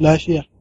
lafiya.